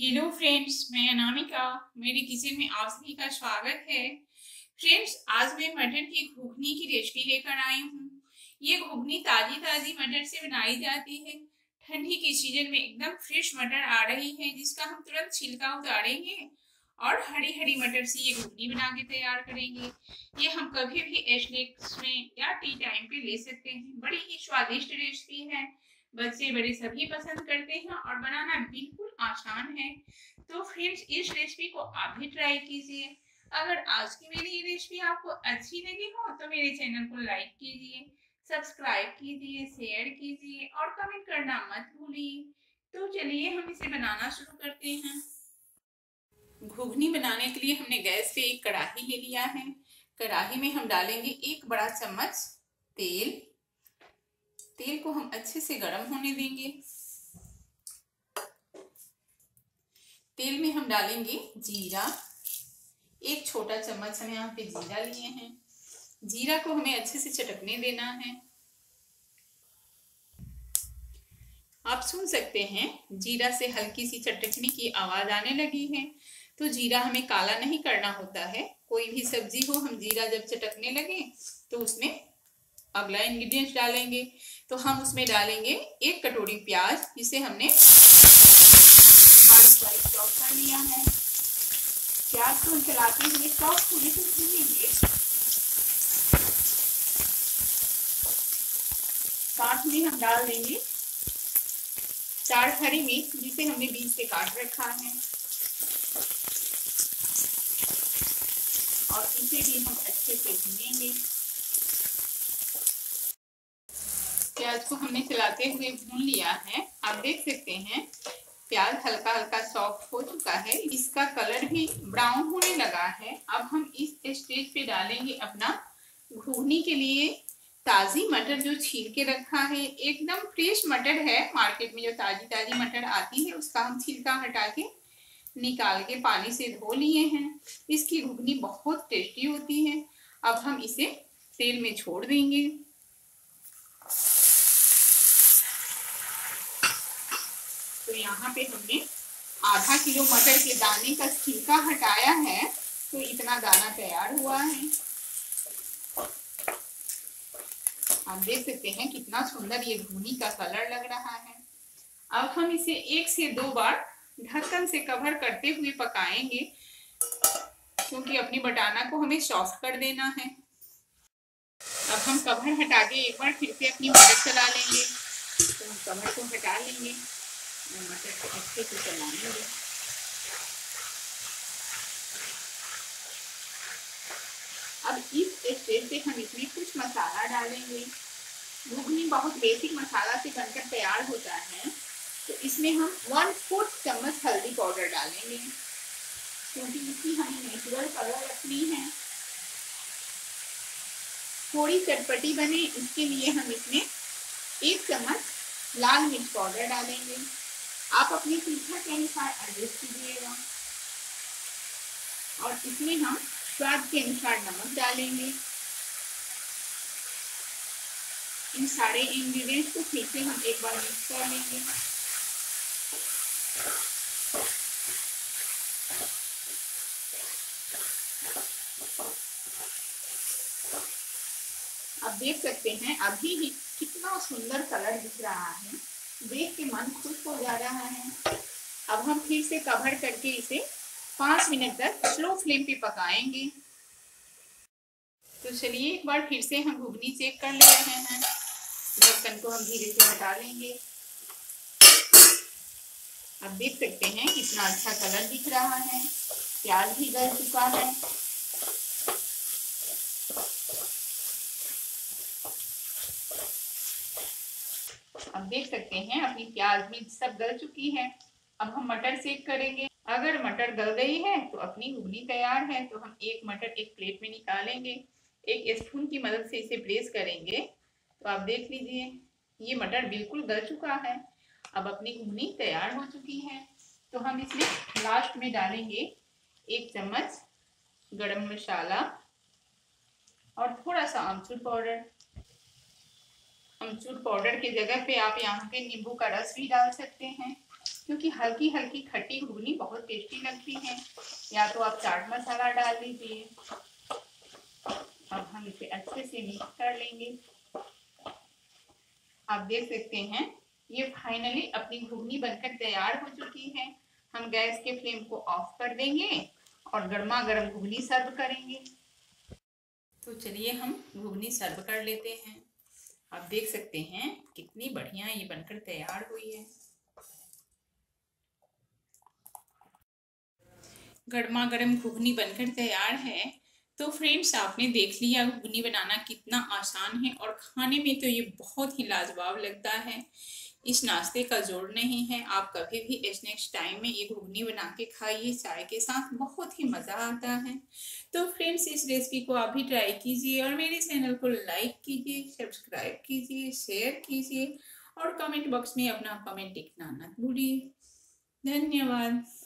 hello friends मैं अनामिका मेरे kitchen में आप सभी का स्वागत है फ्रेंड्स आज मैं मटन की घुगनी की रेसिपी लेकर आई हूँ ये घुगनी ताजी ताजी मटन से बनाई जाती है ठंडी के सीजन में एकदम फ्रेश मटर आ रही है जिसका हम तुरंत छिलका उतारेंगे और हरी हरी मटर से ये घुगनी बना के तैयार करेंगे ये हम कभी भी एस्नेक्स में या टी टाइम पे ले सकते हैं बड़ी ही स्वादिष्ट रेसिपी है बच्चे बड़े सभी पसंद करते हैं और बनाना बिल्कुल आसान है तो फ्रेंड्स इस रेसिपी को आप भी ट्राई कीजिए अगर आज की मेरी ये रेसिपी आपको अच्छी लगी हो तो मेरे चैनल को लाइक कीजिए सब्सक्राइब कीजिए शेयर कीजिए और कमेंट करना मत भूलिए तो चलिए हम इसे बनाना शुरू करते हैं घुघनी बनाने के लिए हमने गैस पे एक कढ़ाही ले लिया है कढ़ाही में हम डालेंगे एक बड़ा चम्मच तेल तेल को हम अच्छे से गर्म होने देंगे तेल में हम डालेंगे जीरा एक छोटा चम्मच हम यहाँ पे जीरा लिए हैं जीरा को हमें अच्छे से चटकने देना है आप सुन सकते हैं जीरा से हल्की सी चटकने की आवाज आने लगी है तो जीरा हमें काला नहीं करना होता है कोई भी सब्जी हो हम जीरा जब चटकने लगे तो उसमें अगला इंग्रेडिएंट्स डालेंगे तो हम उसमें डालेंगे एक कटोरी प्याज जिसे हमने बारीक बारीक चॉप कर लिया है प्याज को चलाते हुए चॉप थोड़ी सी भूनेंगे साथ में हम डाल देंगे चार हरी मिर्च जिसे हमने बीज से काट रखा है और इसे भी हम अच्छे से भूनेंगे प्याज को हमने चलाते हुए भून लिया है आप देख सकते हैं प्याज हल्का हल्का सॉफ्ट हो चुका है इसका कलर भी ब्राउन होने लगा है अब हम इस स्टेज पे डालेंगे अपना घूनी के लिए ताज़ी मटर जो छील के रखा है एकदम फ्रेश मटर है मार्केट में जो ताज़ी ताज़ी मटर आती है उसका हम छिलका हटा के निकाल के पानी से धो लिए हैं इसकी घुगनी बहुत टेस्टी होती है अब हम इसे तेल में छोड़ देंगे तो यहाँ पे हमने आधा किलो मटर के दाने का छिलका हटाया है तो इतना दाना तैयार हुआ है आप देख सकते हैं कितना सुंदर ये घूनी का कलर लग रहा है अब हम इसे एक से दो बार ढक्कन से कवर करते हुए पकाएंगे क्योंकि अपनी बटाना को हमें सॉफ्ट कर देना है अब हम कवर हटा के एक बार फिर से अपनी मटर चला लेंगे तो हम कवर को हटा लेंगे मटर को अच्छे से चलाएंगे अब इस स्टेज पे हम इसमें कुछ मसाला डालेंगे घुगनी बहुत बेसिक मसाला से बनकर तैयार होता है तो इसमें हम वन फोर्थ चम्मच हल्दी पाउडर डालेंगे क्योंकि इसकी हमें नेचुरल कलर रखनी है थोड़ी चटपटी बने इसके लिए हम इसमें एक चम्मच लाल मिर्च पाउडर डालेंगे आप अपनी सुविधा के अनुसार एडजस्ट कीजिएगा और इसमें हम स्वाद के अनुसार नमक डालेंगे इन सारे इंग्रीडियंट्स को फिर से हम एक बार मिक्स कर लेंगे आप देख सकते हैं अभी ही कितना सुंदर कलर दिख रहा है देख के मन खुश हो जा रहा है अब हम फिर से कवर करके इसे पांच मिनट तक स्लो फ्लेम पे पकाएंगे तो चलिए एक बार फिर से हम घुगनी चेक कर ले रहे हैं ढक्कन को हम धीरे से हटा लेंगे अब देख सकते हैं कितना अच्छा कलर दिख रहा है प्याज भी गल चुका है हम देख सकते हैं अपनी प्याज मिर्च सब गल चुकी है अब हम मटर सेक करेंगे अगर मटर गल गई है तो अपनी उबली तैयार है तो हम एक मटर एक प्लेट में निकालेंगे एक स्पून की मदद से इसे प्रेस करेंगे तो आप देख लीजिए ये मटर बिल्कुल गल चुका है अब अपनी घुगनी तैयार हो चुकी है तो हम इसमें लास्ट में डालेंगे एक चम्मच गरम मसाला और थोड़ा सा आमचूर पाउडर अमचूर पाउडर की जगह पे आप यहाँ पे नींबू का रस भी डाल सकते हैं क्योंकि हल्की हल्की खट्टी घुगनी बहुत टेस्टी लगती है या तो आप चाट मसाला डाल दीजिए अब हम इसे अच्छे से मिक्स कर लेंगे आप देख सकते हैं ये फाइनली अपनी घुगनी बनकर तैयार हो चुकी है हम गैस के फ्लेम को ऑफ कर देंगे और गर्मा गर्म घुगनी सर्व करेंगे तो चलिए हम घुगनी सर्व कर लेते हैं आप देख सकते हैं कितनी बढ़िया ये बनकर तैयार हुई है गर्मा गर्म घुगनी बनकर तैयार है तो फ्रेंड्स आपने देख लिया घुगनी बनाना कितना आसान है और खाने में तो ये बहुत ही लाजवाब लगता है इस नाश्ते का जोड़ नहीं है आप कभी भी स्नैक्स टाइम में ये घुगनी बना के खाइए चाय के साथ बहुत ही मज़ा आता है तो फ्रेंड्स इस रेसिपी को आप भी ट्राई कीजिए और मेरे चैनल को लाइक कीजिए सब्सक्राइब कीजिए शेयर कीजिए और कमेंट बॉक्स में अपना कमेंट लिखना मत भूलिए धन्यवाद